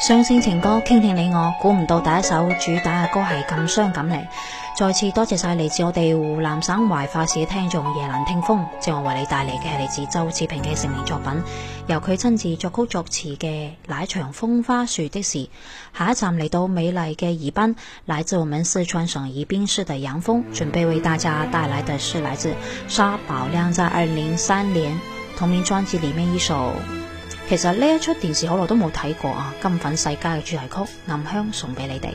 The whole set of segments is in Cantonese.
雙星情歌，傾聽你我。估唔到第一首主打嘅歌係咁傷感嚟。再次多謝晒嚟，自我哋湖南省懷化市嘅聽眾夜闌聽風，正我為你帶嚟嘅係嚟自周志平嘅成名作品，由佢親自作曲作詞嘅《那一場風花雪的事》。下一站嚟到美麗嘅宜賓，來自我們四川省宜賓市的楊峰，準備為大家帶來的是來自沙寶亮在二零零三年同名專輯裏面一首其實，呢一出電視好耐都冇睇過啊，《金粉世家嘅主題曲暗香送俾你哋。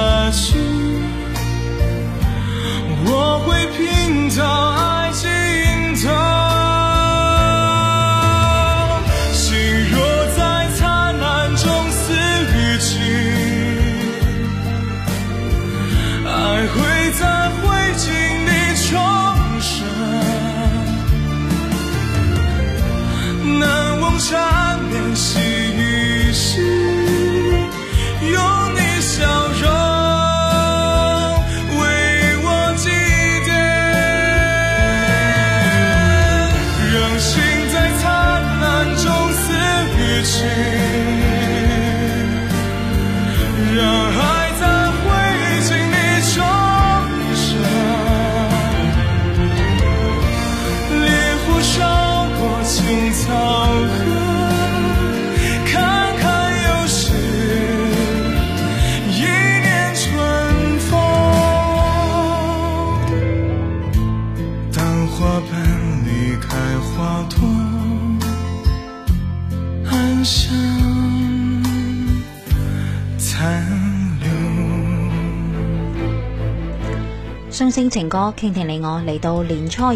情歌傾聽你我嚟，到年初二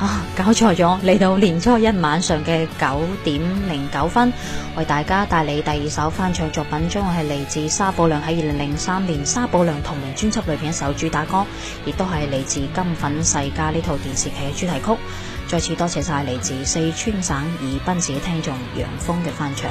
啊，搞錯咗，嚟到年初一晚上嘅九點零九分，為大家帶嚟第二首翻唱作品，將會係嚟自沙寶亮喺二零零三年沙寶亮同名專輯裏邊一首主打歌，亦都係嚟自《金粉世家》呢套電視劇嘅主題曲。再次多謝晒嚟自四川省宜賓市嘅聽眾楊峰嘅翻唱。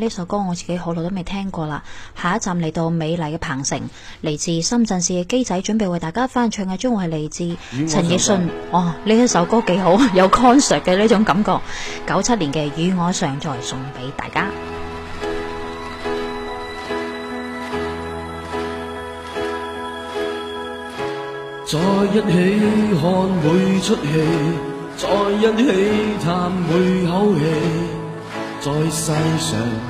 呢首歌我自己好耐都未聽過啦，下一站嚟到美麗嘅鵬城，嚟自深圳市嘅機仔準備為大家翻唱嘅將會係嚟自陳奕迅，哦呢一首歌幾好，有 concert 嘅呢種感覺，九七年嘅與我常在送俾大家再。再一起看每出戲，再一起嘆每口氣，在世上。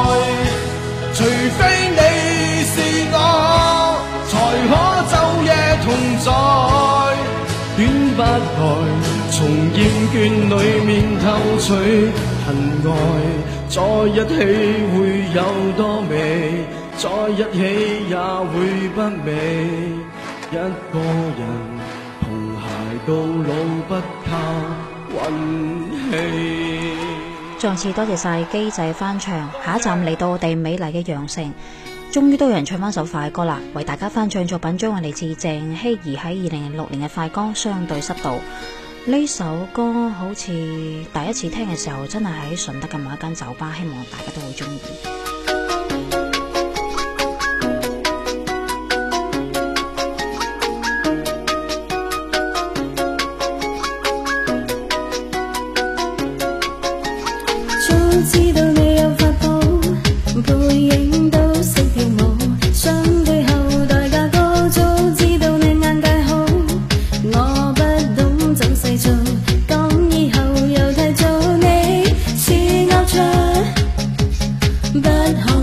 裏面偷取恨愛。在一起會有多美？在一起也會不美。一個人同鞋到老，不靠運氣，上次多謝晒機仔翻唱，下一站嚟到我哋美麗嘅羊城。終於都有人唱翻首快歌啦，為大家翻唱作品，將我嚟自鄭希怡喺二零零六年嘅快歌《相對濕度》呢首歌。好似第一次聽嘅時候，真係喺順德嘅某一間酒吧，希望大家都會中意。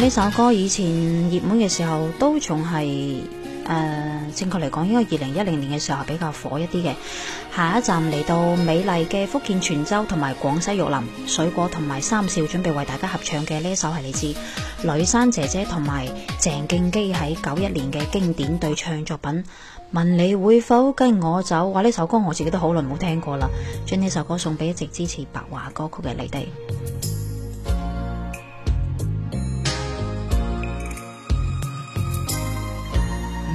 呢首歌以前熱門嘅時候都仲係誒，正確嚟講應該二零一零年嘅時候比較火一啲嘅。下一站嚟到美麗嘅福建泉州同埋廣西玉林，水果同埋三少準備為大家合唱嘅呢首係嚟自，呂珊姐姐同埋鄭敬基喺九一年嘅經典對唱作品《問你會否跟我走》。哇，呢首歌我自己都好耐冇聽過啦，將呢首歌送俾一直支持白話歌曲嘅你哋。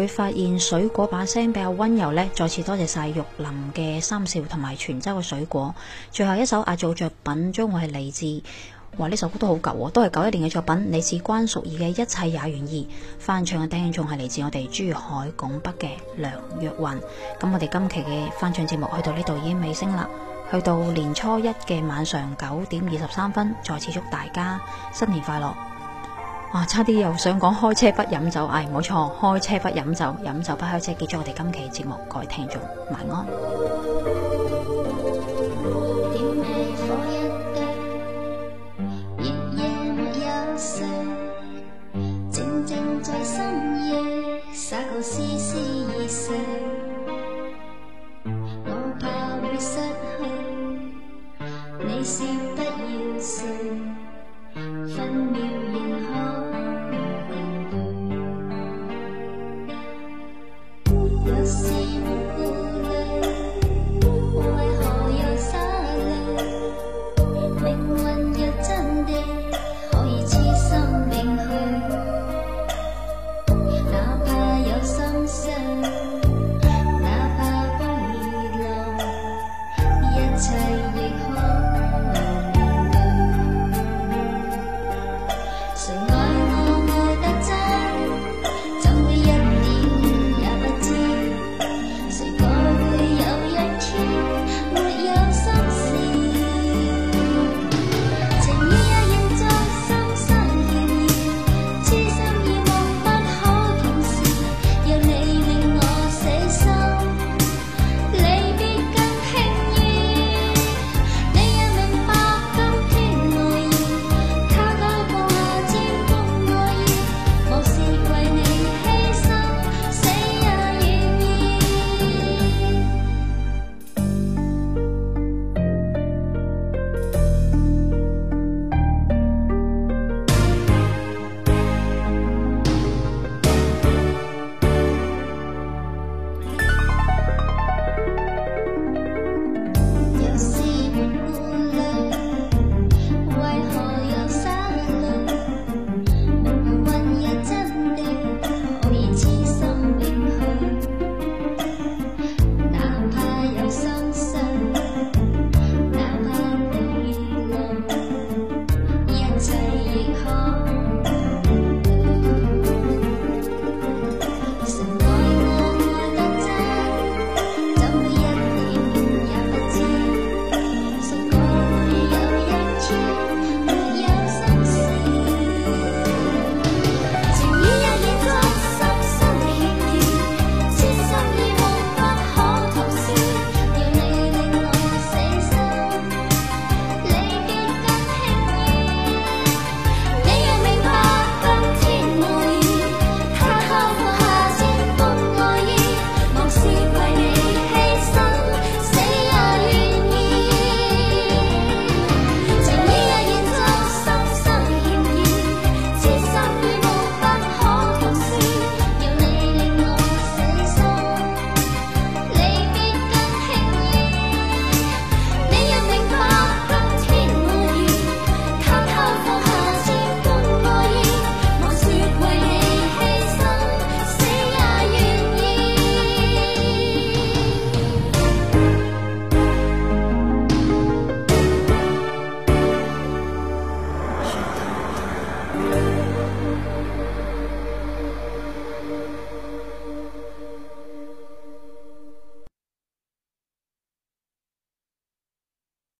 會發現水果把聲比較溫柔呢。再次多謝晒玉林嘅三少同埋泉州嘅水果，最後一首阿祖作品將會係嚟自，哇。話呢首歌都好舊，哦，都係九一年嘅作品。嚟自關淑怡嘅一切也願意，翻唱嘅聽眾係嚟自我哋珠海拱北嘅梁若雲。咁我哋今期嘅翻唱節目去到呢度已經尾聲啦，去到年初一嘅晚上九點二十三分，再次祝大家新年快樂。哇！差啲又想講開車不飲酒，哎，冇錯，開車不飲酒，飲酒不開車，記住我哋今期節目，各位聽眾，晚安。